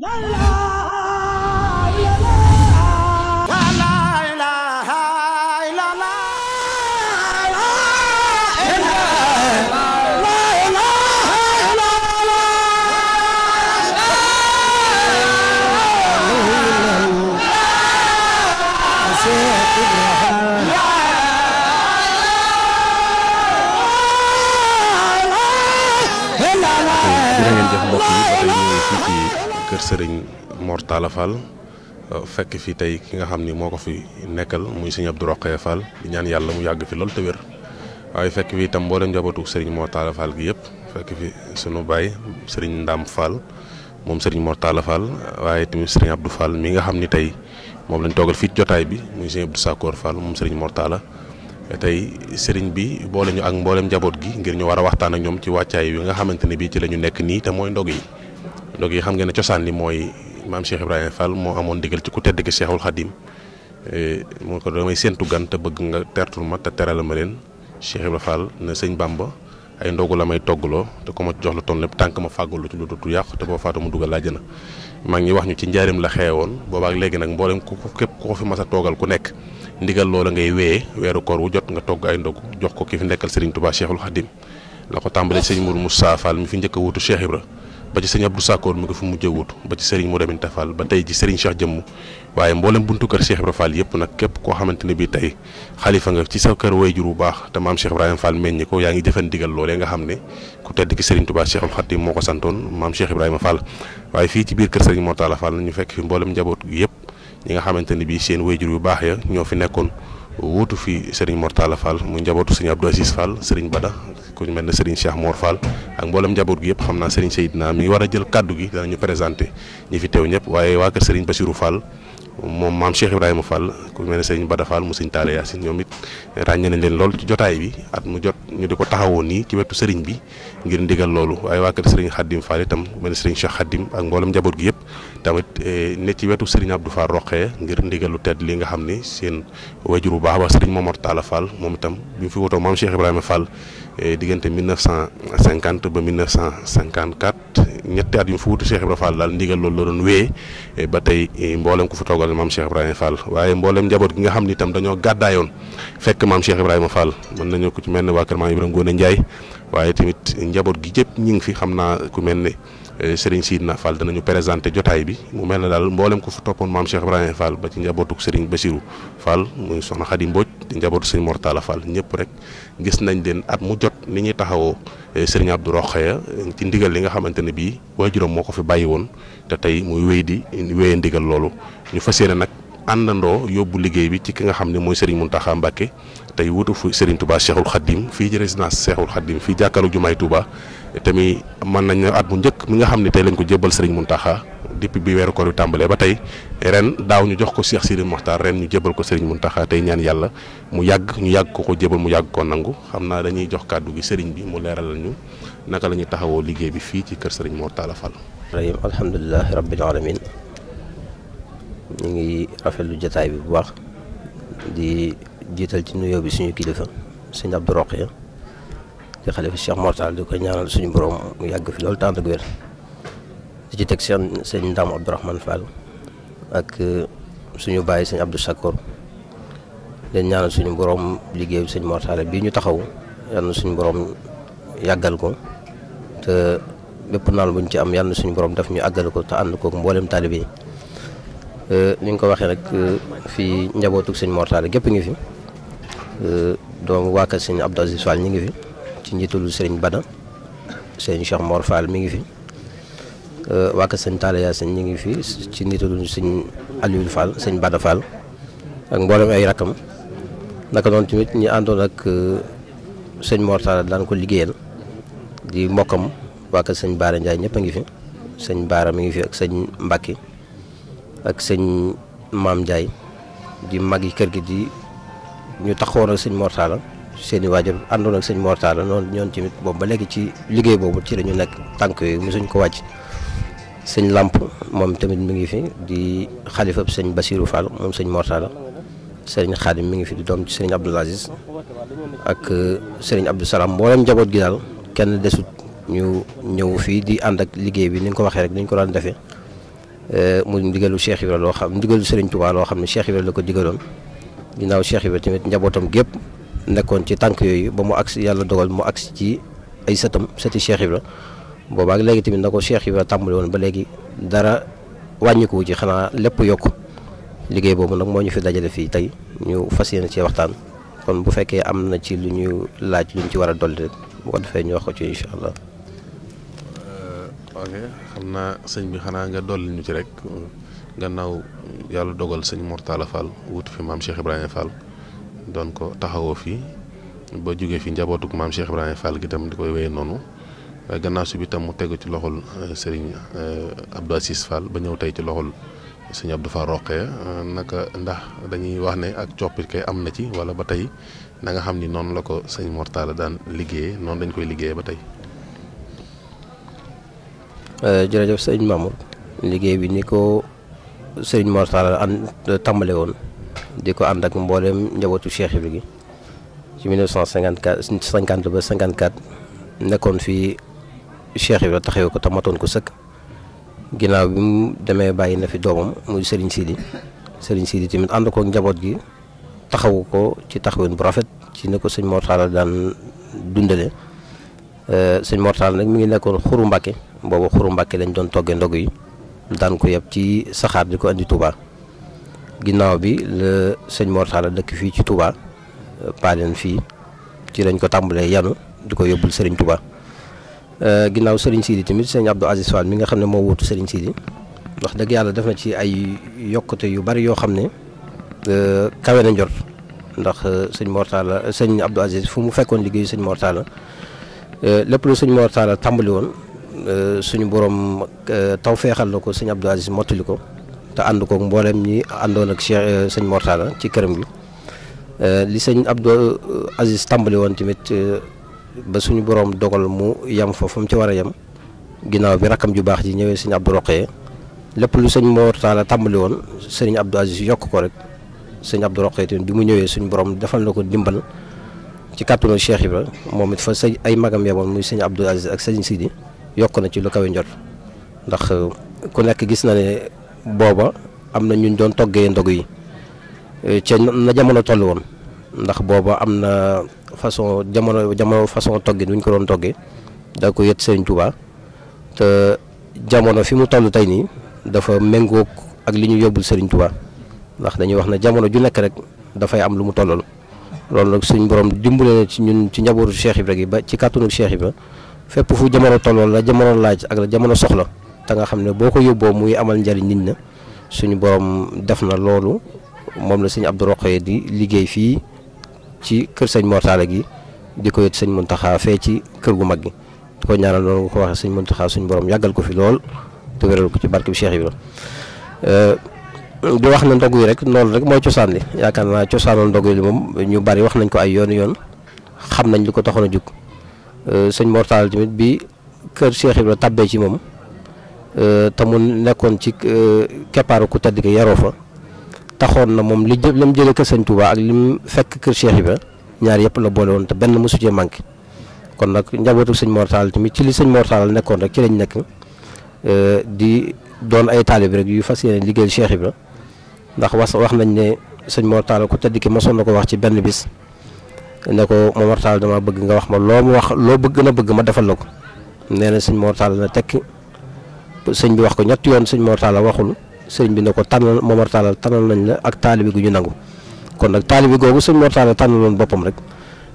La la! sëriñ Mor Talla euh, fekk fi tey ki nga xam ni moo ko fi nekkal muy sëñ Abdou Rokhaya Fall di ñaan yàlla mu yàgg fi lool te wér waaye fekk fi itam mboolem njabootu sëriñ Mor gi yëpp fekk fi sunu baay sëriñ Ndam Fall moom sëriñ Mor Talla Fall waaye tamit sëriñ Abdou Fall mi nga xam ni tey moom lañ toogal fii jotaay bi muy sëriñ Abdou Sakor Fall moom sëriñ Mor Talla tey sëriñ bi boole ñu ak mboolem njaboot gi ngir ñu war a waxtaan ak ñoom ci wàccaay wi nga xamante ne bii ci la ñu nekk nii te mooy ndog yi dog yi xam nga ne cosaan li mooy maam Cheikh Ibrahima moo amoon digal ci ku tedd ki Cheikhul Khadim eh, moo ko damay séntu gan te bëgg nga tertul ma te teral ma leen Cheikh Ibrahima Fall ne sëñ Bamba ay ndogu la may toggaloo te ko ma jox la ton lépp tànk ma fàggalu ci lu dootu yàqu te boo faatu mu dugal laaj na maa ngi wax ñu ci njaarim la xeewoon boobaak léegi nag mboolem ku ko képp ku ko fi mas a toogal ku nekk ndigal loola ngay wéyee weeru koor wu jot nga togg ay ndogu jox ko ki fi nekkal Serigne Touba Cheikhul Khadim la ko tàmbalee sëñ Mourou Moussa Fall mi fi njëkk wutu Cheikh Ibra ba ci serigne Abdou Sakkoor mu ko fu mujjee wut ba ci serigne modem Aminta ba tay ji serigne Cheikh jëmm waye mbolam buntu kër Cheikh ibrahim Fall yëpp nak képp ko xamanteni bi tay khalifa nga ci sa kër wayjur bu baax te mam Cheikh ibrahim Fall meññi ko yaangi ngi digal lolé nga xamné ku tedd ki serigne Touba Cheikhul khatim moko santone mam Cheikh ibrahim Fall waye fi ci biir kër serigne Mortala Fall ñu fekk fi mbolam njabot gi ñi nga xamanteni bi seen wayjur baax ya ño fi nekkon wuutu fi sering Mortala Fall mu njabotu serigne Abdou Aziz Fall serigne Bada ku mel na Serigne Cheikh Mor Fall ak mboolem njaboot gi yëpp xam naa Serigne Seydina mi ngi war a jël kàddu gi danañu présenté ñi fi teew ñëpp waaye waa kër Serigne Bassirou Fall moom maam Cheikh Ibrahima Fall ku mel ne Serigne Bada Fall mu Serigne Talla Yacine ñoom it ràññee nañ leen lool ci jotaay bi at mu jot ñu di ko taxawoo nii ci wetu Serigne bi ngir ndigal loolu waaye waa kër Serigne Khadim Fall itam ku mel ne Serigne Cheikh Khadim ak mboolem njaboot gi yëpp tamit eh, ne ci wetu Serigne du Fall roqee ngir ndigal lu tedd li nga xam ne seen wajur bu baax ba Serigne Momar taala Fall moom itam bi mu fi wutoo maam Cheikh Ibrahima Fall Eh, diggante 1950 ba 1954 ñetti at yu mu fa wutu Cheikh Ibra Fall daal ndigal loolu la doon wéyee eh, ba tey eh, mboolem ku fi toogal maam Cheikh Ibrahima Fall waaye mboolem njaboot gi nga xam ni itam dañoo gàddaayoon fekk maam Cheikh Ibrahima Fall mën ko ci mel ne waa kër maam Ibrahima Ngoone Ndiaye waaye tamit njaboot gi jëpp ñu ngi fi xam naa ku mel ne Serigne Sidna Fall danañu présenté jotaay bi mu mel ne daal mboolem ku fu toppoon maam Cheikh Ibrahima Fall ba ci njabootuk Serigne Bassirou Fall muy soxna Khady Mbodj di njabootu sëñ Mortala Fall ñepp rek gis nañ leen at mu jot ni ñi taxawoo eh, sëriñ Abdou Rokhaya eh, ci ndigal li nga xamanteni bi wajurom moko fi bayyi won te tay muy wéy di wéye ndigal lolu ñu fas nak andando yobbu liggey bi ci ki nga xamne moy mooy Serigne Mountakha Mbacké tey wutu fu Serigne Touba Cheikhul Khadim fi ci residence Cheikhul Khadim fi jakkalu jumaay Touba tammi man nañu at bu njëkk mi nga xamne tay lañ ko jébal Serigne muntaha depuis bi wéru ko lu tambalé ba tay ren daw ñu jox ko Cheikh Sidi Mokhtar ren ñu jébal ko Serigne Mountakha tay ñaan yalla mu yàgg ñu yàgg ko ko jébal mu yàgg ko nangu xamna dañuy jox kàddu gi Serigne bi mu léral ñu naka lañu ñuy liggé bi fi ci kër Serigne Mor Talla Fall. rahim alhamdulilah rabbil alamin ñi ngi rafetlu jotaay bi bu baax di jital ci nuyo bi suñu kilifa serigne Abdou Rokhaya di khalifa Cheikh Mor di ko ñaanal suñu borom mu yàgg fi lol tànn ak wér. ci teg seen sëñ Ndaam Abdourahmane Fall ak euh, suñu bàyyi sëñ Abdou Sakor leen ñaanal suñu borom liggéeyu sëñ Mortale bii ñu taxaw yal suñu borom yàggal ko te bépp naal buñ ci am yal suñu borom daf ñu àggale ko te ànd koog mboolem taalibe yi euh, ni ko waxee rek euh, fii njabootug sëñ Mortale gépp ngi fi doomu waa kër sëñ Abdou Aziz Fall ñu ngi fi ci njiitalu sëriñ Bada sëñ Cheikh Mor Fall mi ngi fi. Euh, waa kër sëñ Talla sëñ ñi ngi fi ci nitaluñu sëñ Aliou Fall sëñ Bada Fall ak mboolem ay rakam naka noonu tamit ñi àndoon ak euh, sëñ Mor Talla daan ko liggéeyal di mbokkam waa kër sëñ Baara Ndiaye ñëpp a ngi fi sëñ Baara mi ngi fi ak sëñ Mbacke ak sëñ Maam Ndiaye di mag yi kër gi di ñu taxawoon ak sëñ Mor Talla seen i waajur àndoon ak sëñ Mor Talla noonu ñoon tamit boobu ba léegi ci liggéey boobu ci la ñu nekk tànk yooyu mosuñ ko wàcc. sëñ làmp moom tamit mu ngi fi di xalifa sëñ Basirou Fall moom sëñ Mortala sëriñ Xaadim mi ngi fi di doom ci sëriñ Abdoul Aziz ak euh, sëriñ Abdou Salam mboolem njaboot gi daal kenn desut ñu ñëw fii di ànd ak liggéey bi ni nga ko waxee rek ni ñu ko daan defee euh, mu ndigalu Cheikh Ibra loo xam ndigalu sëriñ Touba loo xam ne Cheikh Ibra la ko digaloon ginnaaw Cheikh Ibra tamit njabootam gépp nekkoon ci tànk yooyu ba mu agsi yàlla dogal mu agsi ci ay sëtam sëti Cheikh Ibra booba ak léegi tamit na ko Cheikh Ibra tàmbali woon ba léegi dara wàññikuwu ci xanaa lépp yokk liggéey boobu nag moo ñu fi dajale fii tey ñu fas yéene cee waxtaan kon bu fekkee am na ci lu ñuy laaj lu ci war a dolli rek bu ko defee ñu wax ko ci incha allah. Euh, xam naa sëñ bi xanaa nga dolli ñu ci rek gannaaw yàlla dogal sëñ Mortala Fall wut fi maam Cheikh Ibrahima Fall doon ko taxawoo fii ba jógee fii njabootug maam Cheikh Ibrahima Fall gi tam di koy wéy noonu. gannaaw si bi tam mu tegu ci loxol euh, Serigne euh, Abdou Assis Fall ba ñëw tey ci loxol Serigne Abdou Fall Roqee euh, naka ndax dañuy wax ne ak coppit kay am na ci wala ba tey na nga xam ni noonu la ko sëñ Mortala daan liggéeyee noonu dañ koy liggéeyee ba tey. jërëjëf sëñ Mamour liggéey bi ni ko sëñ Mortala an tàmbale woon di ko ànd ak mboolem njabootu Cheikh Ibrahima gi ci 1954 50 ba 54 nekkoon fii. Cheikh la taxawee ko tamatoon ko sëkk ginnaaw bi mu demee bàyyi na fi doomam muy Serigne Sidi sëriñ Sidi tamit ànd ko njaboot gi taxawu ko ci taxawin bu rafet ci ne ko sëñ Mortalla daan dundale euh, sëñ mortal nag mi ngi nekkoon xuru Mbàkke boobu xuru Mbàkke lañ doon toggee ndog yi daan ko ci saxaar di ko andi Touba ginnaaw bi sëñ Mortalla dëkk fii ci Touba euh, paaleen fii ci lañ ko tàmbalee yanu di ko yóbbul sëriñ tubaa Euh, ginnaaw Serigne Sidi tamit sëñ Abdou Aziz Fall mi nga xam ne moo wuutu Serigne Sidi wax dëgg yàlla def na ci ay yokkute yu bari yoo xam ne euh, kawe na njort ndax euh, sëñ Mortala sëñ Abdou Aziz fu mu fekkoon liggéeyu sëñ Mortala lépp lu sëñ Mortala tàmbali woon suñu borom taw feexal na ko sëñ Abdou Aziz mottali ko te ànd kook mbooleem ñi àndoon ak Cheikh sëñ Mortala ci këram bi li sëñ Abdou Aziz tàmbali woon tamit. ba suñu borom dogal mu yam fa fu ci wara yam ginaaw bi rakam ju bax ji ñewé sëñ Abdou Roqee lepp lu sëñ Mor tambali won Abdou Aziz yok ko rek sëñ Abdou Roqee tamit bi mu ñëwee suñu borom defal nako dimbal ci katuno Cheikh Ibra momit fa ay magam yabon muy sëñ Abdou Aziz ak sëñ Sidi yok na ci lu kawé njot ndax ku nek gis na ne boba amna ñun doon toggé ndog yi ci na jamono tollu won ndax boba amna façon jamono jamono façon toggé duñ ko don toggé da ko yett serigne touba te jamono fi mu tollu tay ni dafa mengo ak liñu yobul serigne touba ndax dañuy wax na jamono ju nek rek da fay am lu mu tollal lolou nak serigne borom dimbulé ci ñun ci njabootu cheikh ibrahim ba ci katunu cheikh ibrahim fepp fu jamono tollal la jamono laaj ak la jamono soxla ta nga xamne boko yobbo muy amal njariñ nit na suñu borom def na lolou mom la serigne abdou di liggéey fi ci keur seigne sëñ mortale gi diko yott seigne muntaha fe ci keur gu maggi ko ñaanal noonu ko wax seigne muntaha suñ borom yagal ko fi lool te weral ko ci barke bi Cheikh ibrahim euh di wax na ndog rek loolu rek mooy cosaan li yakarna naa cosaanul ndog li mom ñu bari wax nañ ko ay yoon yoon xam nañ li ko juk euh seigne sëñ mortale tamit bi keur Cheikh ibrahim tabbe ci mom euh mu nekkon ci keparu ku tedd ge yaroo fa taxoon na mom li lim jëlee ke seigne Touba ak lim fekk kër Cheikh Ibra ñaar yëpp la boole woon te benn musu cee manqué kon nak njabootu seigne mortal timi ci li seigne mortal nekkon rek ci lañ nekk euh, di doon ay talib rek yu fasiyene yéene Cheikh Ibra ndax wax wax nañ ne seigne mortal ko ku ki mosoon na ko wax ci benn bis ne ko mortal Talla dama bëgg nga wax ma lo mu wax lo bëgg na bëgg ma defal seigne mortal na seigne bi wax ko ñatt yoon seigne mortal waxul. sëriñ bi ne ko tànnal Momar Talla tànnal nañ la ak taalibi gu ñu nangu kon nag taalibi googu sëñ Mor Talla tànnaloon boppam rek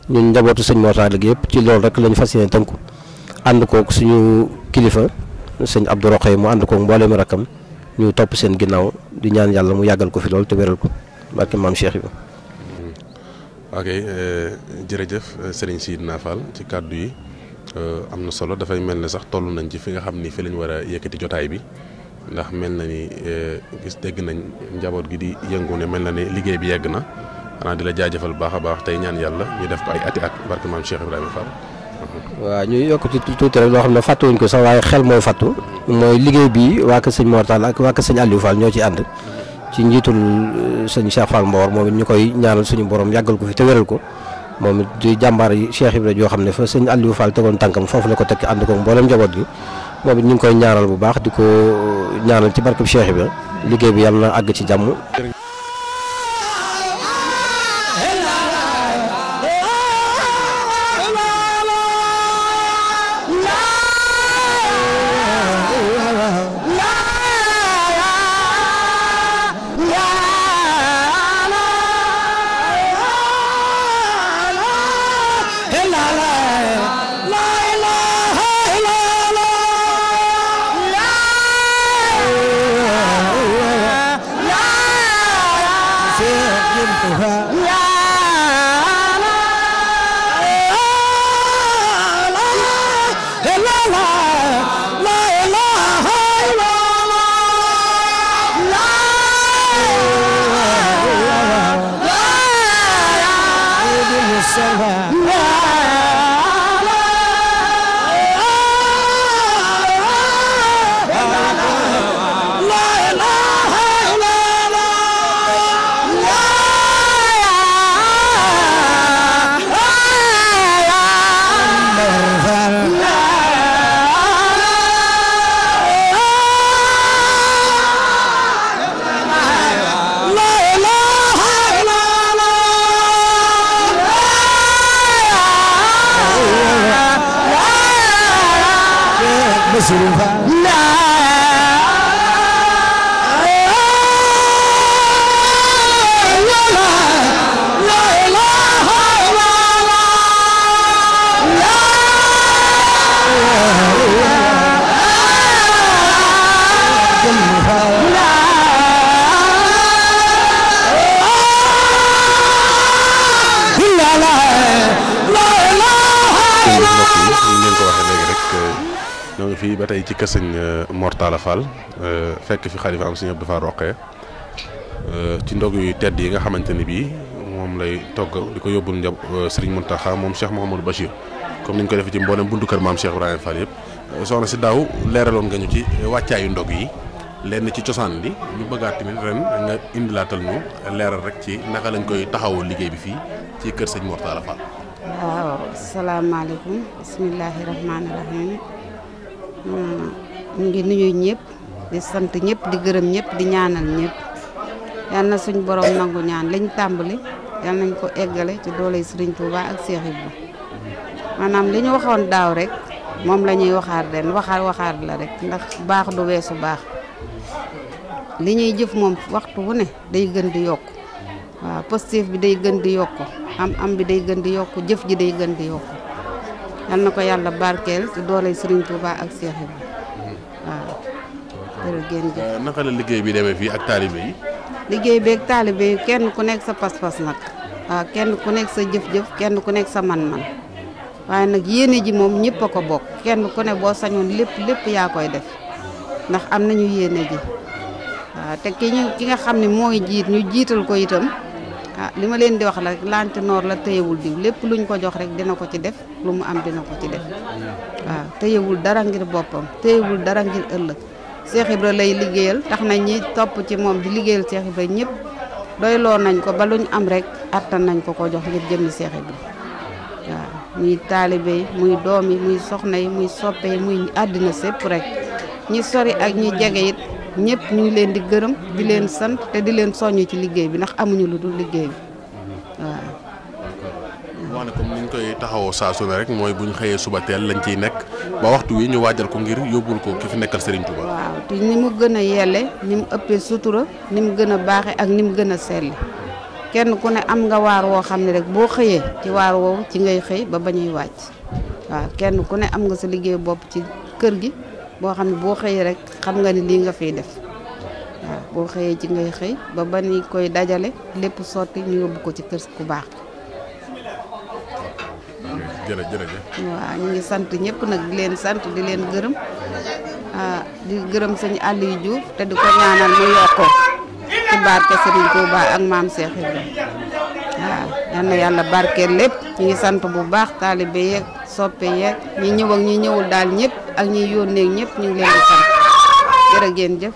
ñun njabootu sëñ Mor Talla gi yëpp ci loolu rek lañ fas yéene tënku ànd kook suñu kilifa sëñ Abdou Rokhaya mu ànd kook mbooleem rakkam ñu topp seen ginnaaw di ñaan yàlla mu yàggal ko fi loolu te wéral ko barke maam Cheikh Ibrahima. Mm-hmm. ok euh, jërëjëf euh, sëriñ Sidina Fall ci kàddu yi euh, am na solo dafay mel ne sax toll nañ ci fi nga xam ni fi lañu war a yëkkati jotaay bi. ndax mel na ni eh, gis dégg nañ njaboot gi di yëngu ne mel na ni liggéey bi yegg na xanaa di la jaajëfal baax a baax tey ñaan yàlla ñu def ko ay ati at barke maam Cheikh Ibrahima ñuy yokk ci tuuti rek loo xam ne fàttuwuñ ko sax waaye xel mooy fàttu mooy bi waa kër sëñ Mor Tall sëñ Aliou Fall ñoo ci ànd ci njiitul eh, sëñ Cheikh Fall Mbawar moom ñu koy ñaanal suñu borom yàggal ko fi te wéral ko moom it di jàmbaar yi Cheikh Ibrahima joo xam ne fa sëñ Aliou Fall tegoon tànkam foofu la ko teg ànd ko mboolem njaboot gi moom it ñu ngi koy ñaanal bu baax di ko ñaanal ci barkeb Cheikh bi liggéey bi yàlla na àgg ci jàmm. fii ba tey ci kër sëñ euh, Mortala Fall euh, fekk fi xalifa am sëñ Abdou Fall Roqee euh, ci ndog yu tedd yi nga xamante ni bii moom lay togg di ko yóbbul njab sëriñ Muntaxa moom Cheikh Mouhamadou Bachir comme ni ko defee ci mboolem buntu kër maam Cheikh Ibrahima Fall yëpp si daaw leeraloon nga ñu ci wàccaayu ndog yi lenn ci cosaan li ñu bëggaat tamit ren nga indilaatal leeral rek ci naka lañ koy taxawoo liggéey bi fii ci kër sëñ Mortala Fall. waaw bismillaahi rahmaani rahiim. ñu ngi nuyu ñëpp di sant ñëpp di gërëm ñëpp di ñaanal ñëpp yal na suñ borom nangu ñaan liñ tàmbali yal nañ ko eggale ci doole dooley Serigne Touba ak Cheikh Ibra maanaam li ñu waxoon daaw rek moom la ñuy waxaat ren waxaat waxaat la rekk ndax baax du weesu baax li ñuy jëf moom waxtu wu ne day gën di yokk waaw positif bi day gën di yokk am am bi day gën di yokk jëf ji day gën di yokk yal na ko yàlla barkeel ci doole Serigne Touba ak Cheikh Ibrahima waaw. jërëjëf euh, naka la liggéey bi demee fii ak taalibe yi. liggéey bi ak taalibe kenn ku nekk sa pas-pas nag waaw kenn ku nekk sa jëf-jëf kenn ku nekk sa man-man waaye nag yéene ji moom ñëpp a ko bokk kenn ku ne boo sañoon lépp lépp yaa koy def ndax am nañu yéene ji waaw te ki ñu ki nga xam ne mooy jiit ñu jiital ko itam. ah li ma leen di wax la rek lantinoor la tëyewul diw lépp lu ñu ko jox rek dina ko ci def lu mu am dina ko ci def waaw tëyewul dara ngir boppam tëyewul dara ngir ëllëg Cheikh Ibra lay liggéeyal tax na ñi topp ci moom di liggéeyal Cheikh Ibra ñëpp doyloo nañ ko ba luñ am rek attan nañ ko ko jox ngir jëmmi Cheikh Ibra waaw muy taalibe yi muy doom yi muy soxna yi muy soppe yi muy àddina sépp rek ñi sori ak ñi jege it ñépp ñu ngi leen di gërëm di leen sant te di leen soññ ci liggéey bi ndax amuñu lu dul liggéey bi waaw. wax ne comme ni ñu koy taxawoo saa su ne rek mooy bu ñu xëyee suba teel lañ ciy nekk ba waxtu wi ñu waajal ko ngir yóbbul ko ki fi nekkal Serigne Touba. waaw te ni mu gën a yelle ni mu ëppee sutura ni mu gën a baaxee ak ni mu gën a sell kenn ku ne am nga waar woo xam ne rek boo xëyee ci waar woowu ci ngay xëy ba bañuy wàcc waaw kenn ku ne am nga sa liggéey bopp ci kër gi. bo xamni bo xey rek xam nga ni li nga fiy def bo xey ci ngay xey ba ban ni koy dajale lepp soti ñu yóbbu ko ci kër ku baax jere jere jërëjëf wa ñu ngi sant ñepp nak di leen sant di leen ah di gërëm sëñ Ali Diouf te di ko ñaanal mu yokkoo ci barke Serigne Touba ak mam Cheikh Ibrahima waaw yalla na yàlla barkeel ñu ngi sant bu baax talibé yeeg soppé yeeg ñi ñëw ak ñi ñëwul daal ñepp ak ñi ñiy yónnee ñëpp ñu ngi leen di sant jëf.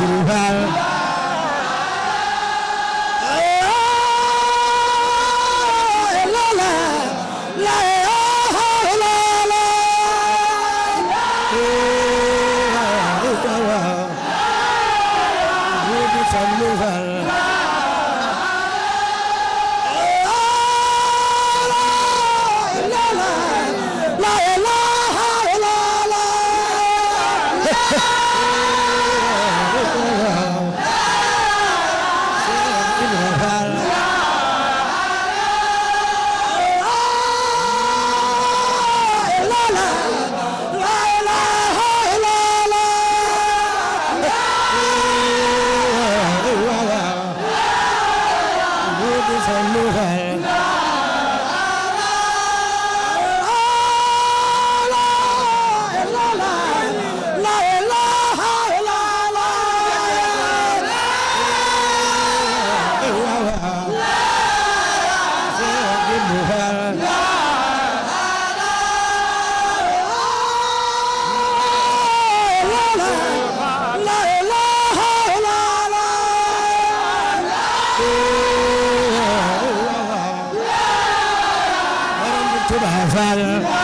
Silver. about it.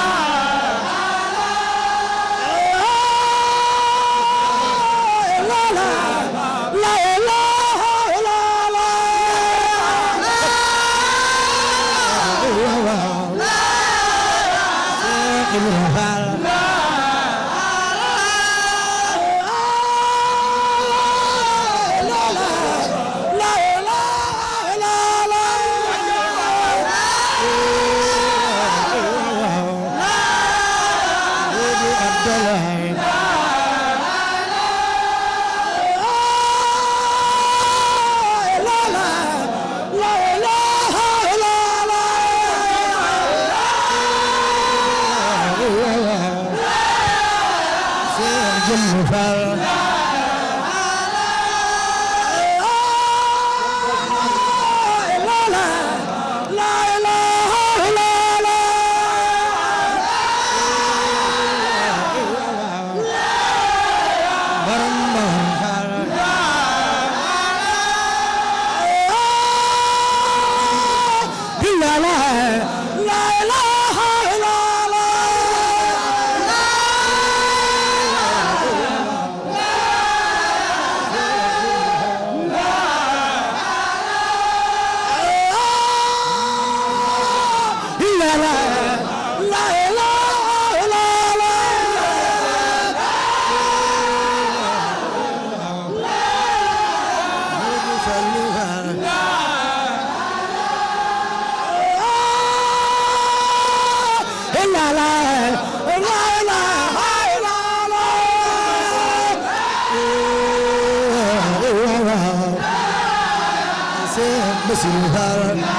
to her.